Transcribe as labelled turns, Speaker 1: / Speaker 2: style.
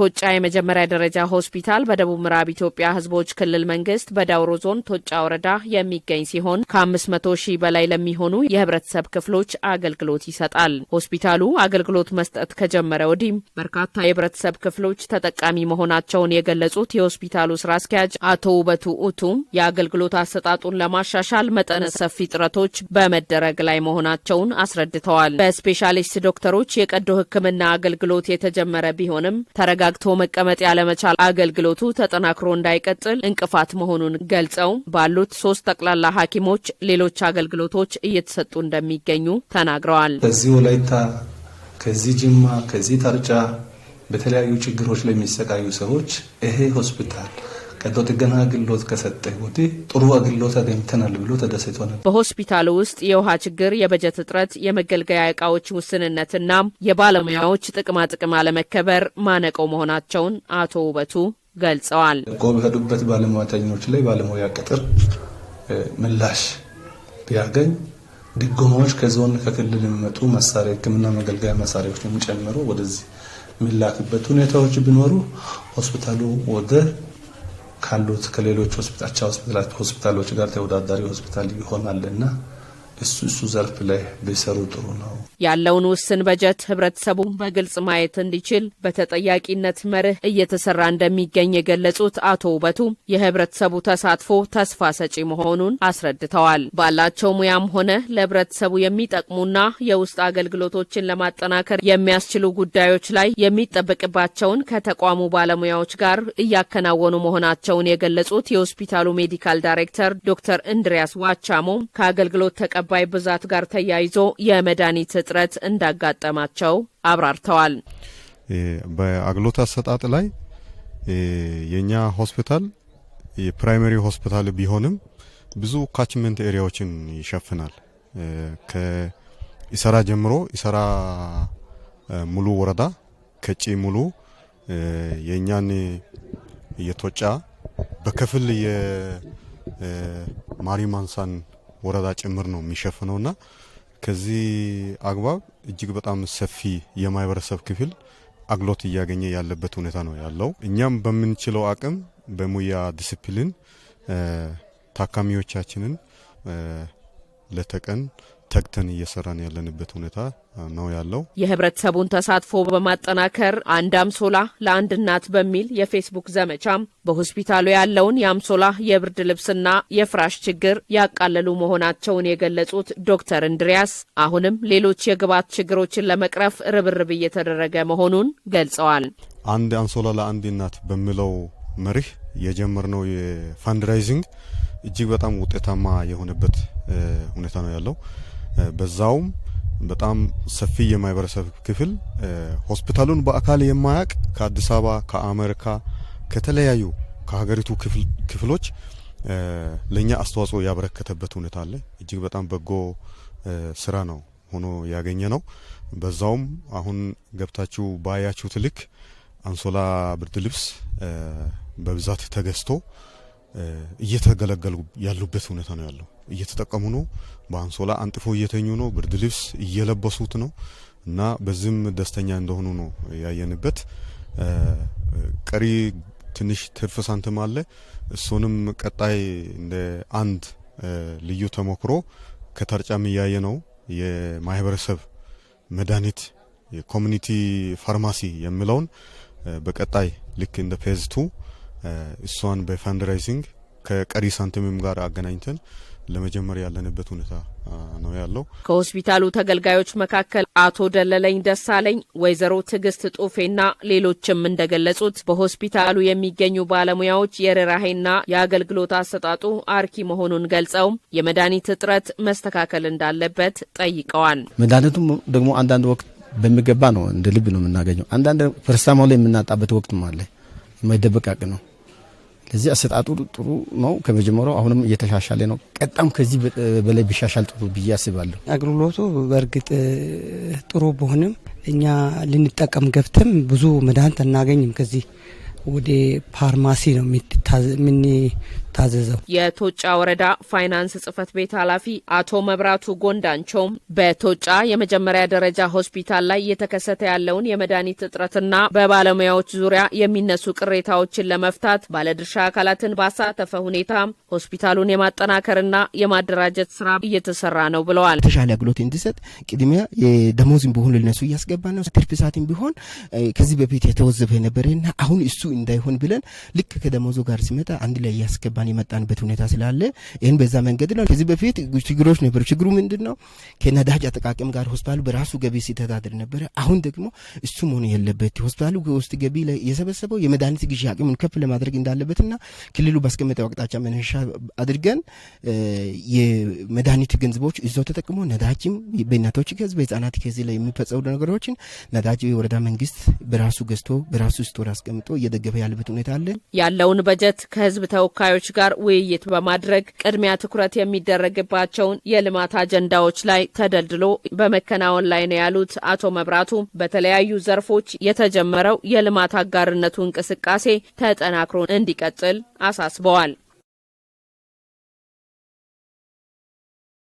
Speaker 1: ቶጫ የመጀመሪያ ደረጃ ሆስፒታል በደቡብ ምዕራብ ኢትዮጵያ ህዝቦች ክልል መንግስት በዳውሮ ዞን ቶጫ ወረዳ የሚገኝ ሲሆን ከ500 ሺህ በላይ ለሚሆኑ የህብረተሰብ ክፍሎች አገልግሎት ይሰጣል። ሆስፒታሉ አገልግሎት መስጠት ከጀመረ ወዲህም በርካታ የህብረተሰብ ክፍሎች ተጠቃሚ መሆናቸውን የገለጹት የሆስፒታሉ ስራ አስኪያጅ አቶ ውበቱ ኡቱም የአገልግሎት አሰጣጡን ለማሻሻል መጠነ ሰፊ ጥረቶች በመደረግ ላይ መሆናቸውን አስረድተዋል። በስፔሻሊስት ዶክተሮች የቀዶ ህክምና አገልግሎት የተጀመረ ቢሆንም ተረጋ ተረጋግቶ መቀመጥ ያለመቻል አገልግሎቱ ተጠናክሮ እንዳይቀጥል እንቅፋት መሆኑን ገልጸው ባሉት ሶስት ጠቅላላ ሐኪሞች ሌሎች አገልግሎቶች እየተሰጡ እንደሚገኙ ተናግረዋል።
Speaker 2: ከዚህ ወላይታ፣ ከዚህ ጅማ፣ ከዚህ ታርጫ በተለያዩ ችግሮች ለሚሰቃዩ ሰዎች ይሄ ሆስፒታል ቀዶ ጥገና አገልግሎት ከሰጠ ቦቴ ጥሩ አገልግሎት አገኝተናል ብሎ ተደሰቶ ነበር።
Speaker 1: በሆስፒታሉ ውስጥ የውሃ ችግር፣ የበጀት እጥረት፣ የመገልገያ እቃዎች ውስንነትና የባለሙያዎች ጥቅማጥቅም አለመከበር ማነቀው መሆናቸውን አቶ ውበቱ ገልጸዋል።
Speaker 2: በሄዱበት ባለሙያተኞች ላይ ባለሙያ ቅጥር ምላሽ ቢያገኝ ድጎማዎች ከዞን ከክልል የሚመጡ መሳሪያ ሕክምና መገልገያ መሳሪያዎች የሚጨምሩ ወደዚህ የሚላክበት ሁኔታዎች ቢኖሩ ሆስፒታሉ ወደ ካሉት ከሌሎች ሆስፒታል ሆስፒታሎች ጋር ተወዳዳሪ ሆስፒታል ይሆናል እና እሱ እሱ ዘርፍ ላይ ቢሰሩ ጥሩ ነው።
Speaker 1: ያለውን ውስን በጀት ህብረተሰቡ በግልጽ ማየት እንዲችል በተጠያቂነት መርህ እየተሰራ እንደሚገኝ የገለጹት አቶ ውበቱ የህብረተሰቡ ተሳትፎ ተስፋ ሰጪ መሆኑን አስረድተዋል። ባላቸው ሙያም ሆነ ለህብረተሰቡ የሚጠቅሙና የውስጥ አገልግሎቶችን ለማጠናከር የሚያስችሉ ጉዳዮች ላይ የሚጠበቅባቸውን ከተቋሙ ባለሙያዎች ጋር እያከናወኑ መሆናቸውን የገለጹት የሆስፒታሉ ሜዲካል ዳይሬክተር ዶክተር እንድሪያስ ዋቻሞ ከአገልግሎት ተቀ አባይ ብዛት ጋር ተያይዞ የመድኃኒት እጥረት እንዳጋጠማቸው አብራርተዋል።
Speaker 3: በአግሎት አሰጣጥ ላይ የእኛ ሆስፒታል የፕራይመሪ ሆስፒታል ቢሆንም ብዙ ካችመንት ኤሪያዎችን ይሸፍናል። ከኢሰራ ጀምሮ ኢሰራ ሙሉ ወረዳ ከጪ ሙሉ የእኛን የቶጫ በከፍል የማሪማንሳን ወረዳ ጭምር ነው የሚሸፍነውና ከዚህ አግባብ እጅግ በጣም ሰፊ የማህበረሰብ ክፍል አግሎት እያገኘ ያለበት ሁኔታ ነው ያለው። እኛም በምንችለው አቅም በሙያ ዲስፕሊን ታካሚዎቻችንን ለተቀን ተግተን እየሰራን ያለንበት ሁኔታ ነው ያለው።
Speaker 1: የህብረተሰቡን ተሳትፎ በማጠናከር አንድ አምሶላ ለአንድ እናት በሚል የፌስቡክ ዘመቻም በሆስፒታሉ ያለውን የአምሶላ የብርድ ልብስና የፍራሽ ችግር ያቃለሉ መሆናቸውን የገለጹት ዶክተር እንድሪያስ አሁንም ሌሎች የግብዓት ችግሮችን ለመቅረፍ ርብርብ እየተደረገ መሆኑን ገልጸዋል።
Speaker 3: አንድ አምሶላ ለአንድ እናት በሚለው መርህ የጀመርነው የፋንድራይዚንግ እጅግ በጣም ውጤታማ የሆነበት ሁኔታ ነው ያለው። በዛውም በጣም ሰፊ የማህበረሰብ ክፍል ሆስፒታሉን በአካል የማያውቅ ከአዲስ አበባ፣ ከአሜሪካ፣ ከተለያዩ ከሀገሪቱ ክፍሎች ለእኛ አስተዋጽኦ ያበረከተበት ሁኔታ አለ። እጅግ በጣም በጎ ስራ ነው ሆኖ ያገኘ ነው። በዛውም አሁን ገብታችሁ ባያችሁት ልክ አንሶላ፣ ብርድ ልብስ በብዛት ተገዝቶ እየተገለገሉ ያሉበት ሁኔታ ነው ያለው። እየተጠቀሙ ነው። በአንሶላ አንጥፎ እየተኙ ነው። ብርድ ልብስ እየለበሱት ነው እና በዚህም ደስተኛ እንደሆኑ ነው ያየንበት። ቀሪ ትንሽ ትርፍ ሳንቲም አለ። እሱንም ቀጣይ እንደ አንድ ልዩ ተሞክሮ ከተርጫም እያየ ነው የማህበረሰብ መድኃኒት የኮሚኒቲ ፋርማሲ የሚለውን በቀጣይ ልክ እንደ ፌዝ ቱ እሷን በፋንድራይዚንግ ከቀሪ ሳንቲምም ጋር አገናኝተን ለመጀመር ያለንበት ሁኔታ ነው ያለው።
Speaker 1: ከሆስፒታሉ ተገልጋዮች መካከል አቶ ደለለኝ ደሳለኝ፣ ወይዘሮ ትዕግስት ጡፌና ሌሎችም እንደገለጹት በሆስፒታሉ የሚገኙ ባለሙያዎች የርኅራኄና የአገልግሎት አሰጣጡ አርኪ መሆኑን ገልጸው የመድኃኒት እጥረት መስተካከል እንዳለበት ጠይቀዋል።
Speaker 4: መድኃኒቱም ደግሞ አንዳንድ ወቅት በሚገባ ነው እንደ ልብ ነው የምናገኘው። አንዳንድ ፐርሳማ ላይ የምናጣበት ወቅት አለ። የማይደበቅ ነው ለዚህ አሰጣጡ ጥሩ ነው። ከመጀመሪያው አሁንም እየተሻሻለ ነው። ቀጣም ከዚህ በላይ ቢሻሻል ጥሩ ብዬ አስባለሁ።
Speaker 5: አገልግሎቱ በእርግጥ ጥሩ በሆንም እኛ ልንጠቀም ገብተም ብዙ መድኃኒት አናገኝም። ከዚህ ወደ ፋርማሲ ነው ታዘዘው።
Speaker 1: የቶጫ ወረዳ ፋይናንስ ጽሕፈት ቤት ኃላፊ አቶ መብራቱ ጎንዳንቸውም በቶጫ የመጀመሪያ ደረጃ ሆስፒታል ላይ እየተከሰተ ያለውን የመድኃኒት እጥረትና በባለሙያዎች ዙሪያ የሚነሱ ቅሬታዎችን ለመፍታት ባለድርሻ አካላትን ባሳተፈ ሁኔታ ሆስፒታሉን የማጠናከርና የማደራጀት ስራ እየተሰራ ነው ብለዋል።
Speaker 6: የተሻለ አገልግሎት እንዲሰጥ ቅድሚያ የደሞዝን ቢሆን ልነሱ እያስገባ ነው። ትርፍ ሰዓትን ቢሆን ከዚህ በፊት የተወዘበ የነበረና አሁን እሱ እንዳይሆን ብለን ልክ ከደሞዙ ጋር ሲመጣ አንድ ላይ እያስገባ እየተሻሻለ የመጣንበት ሁኔታ ስላለ ይህን በዛ መንገድ ነው። ከዚህ በፊት ችግሮች ነበሩ። ችግሩ ምንድን ነው? ከነዳጅ አጠቃቀም ጋር ሆስፒታሉ በራሱ ገቢ ሲተዳደር ነበረ። አሁን ደግሞ እሱ መሆኑ የለበት። ሆስፒታሉ ውስጥ ገቢ የሰበሰበው የመድኃኒት ግዢ አቅሙን ከፍ ለማድረግ እንዳለበትና ክልሉ ባስቀመጠው አቅጣጫ መነሻ አድርገን የመድኃኒት ገንዘቦች እዛው ተጠቅሞ ነዳጅም በእናቶች ከዝ በህጻናት ከዚህ ላይ የሚፈጸሙ ነገሮችን ነዳጅ የወረዳ መንግስት በራሱ ገዝቶ በራሱ ስቶር አስቀምጦ እየደገፈ ያለበት ሁኔታ አለ።
Speaker 1: ያለውን በጀት ከህዝብ ተወካዮች ጋር ውይይት በማድረግ ቅድሚያ ትኩረት የሚደረግባቸውን የልማት አጀንዳዎች ላይ ተደልድሎ በመከናወን ላይ ነው ያሉት አቶ መብራቱ በተለያዩ ዘርፎች የተጀመረው የልማት አጋርነቱ እንቅስቃሴ ተጠናክሮ እንዲቀጥል አሳስበዋል።